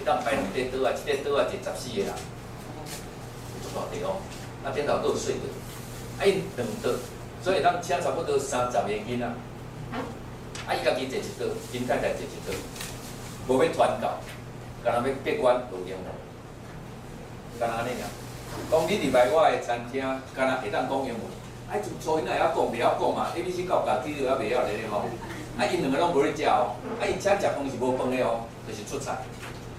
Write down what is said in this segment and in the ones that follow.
迄搭擺兩塊桌啊，一塊桌啊就十四個人，唔大滴哦，啊電腦夠細個，啊，因兩桌。所以咱請差不多三十個囝仔。啊，伊家己坐一桌，囝仔坐一桌。無要傳教，干那要逼阮關，唔用個，若安尼樣，講汝佇擺我的餐廳，干若一當講英文，啊就初一也曉講，袂曉講嘛，A B C 教教，D E F 也袂曉嘞吼，啊因兩個攏無咧食哦，啊因請食飯是無飯個哦，就是出菜。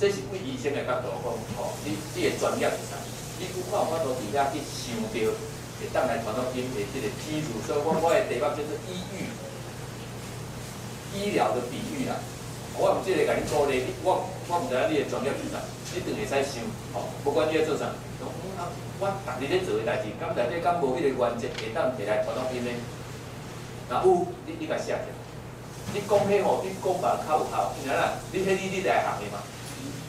這是為醫生的角度講，吼、哦，你你的專業是啥，你我裡去看有法度，佇遐去想到會等來傳到經濟即個譬如，所以我我個地方叫做比喻，醫療的比喻啦。我唔知你個甲，汝，鼓勵你我我毋，知你的專業是啥，即段會使想，吼、哦，不管你要做啥、嗯啊，我我逐日在做個代志，咁代志，敢無迄個原則會等，提來傳到經濟？那有你你個想，你講起吼，你講法靠唔汝，當然啦，你喺你你個行業嘛。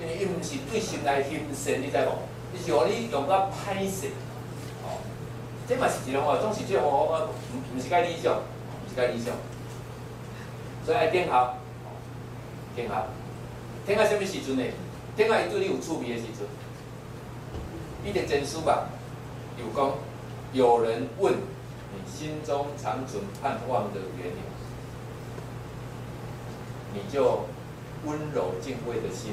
因為伊毋是對心內心善，你知無？你是予你感覺歹勢哦，即咪是一種話。總是即我唔唔是介理想，唔是介理想。所以聽下，聽下，聽下，什物時陣呢？聽下，伊對你有趣味的時陣，伊只真舒服。有、就、講、是、有人問你心中長存盼望的緣由，你就溫柔敬畏的心。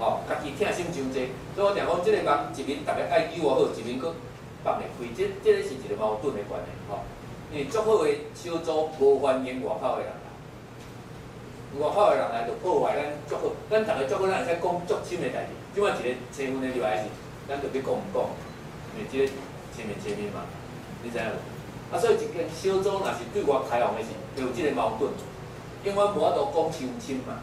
哦，家己痛心傷濟，所以我定講即個人，一面逐個愛對我好，一面擱放袂開，即即個是一個矛盾的關係，吼、哦。因為足好嘅小組無歡迎外口嘅人啦，外口嘅人來就高，話咧足好，咱逐個足好咧，咱會使講足深嘅代志，即擺一個個稱呼呢就還是咱著欲講毋講，即個前面前面嘛，汝知影無？啊，所以一件小組若是對我開放嘅事，有即個矛盾，因為無法度講傷深嘛。